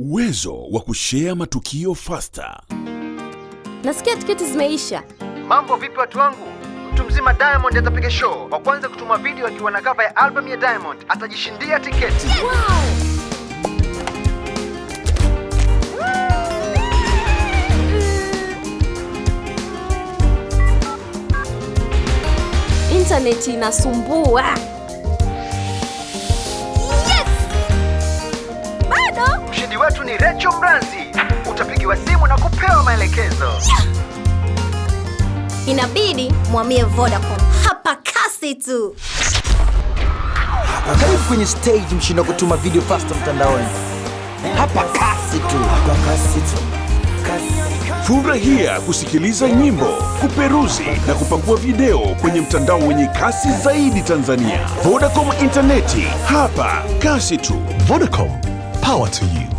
Uwezo wa kushea matukio fasta. Nasikia tiketi zimeisha. Mambo vipi watu wangu? Mtu mzima Diamond atapiga show. Wa kwanza kutuma video akiwa na cover ya album ya Diamond atajishindia tiketi. Wow! Internet inasumbua. ni Rachel Mranzi. Utapigiwa simu na kupewa maelekezo yeah. Inabidi mwamie Vodacom hapa kasi tu. Hapa karibu kwenye stage, mshindo kutuma video fast mtandaoni hapa kasi tu, hapa kasi tu. Furahia kusikiliza nyimbo, kuperuzi na kupakua video kwenye mtandao wenye kasi zaidi Tanzania. Vodacom interneti hapa kasi tu. Vodacom, power to you.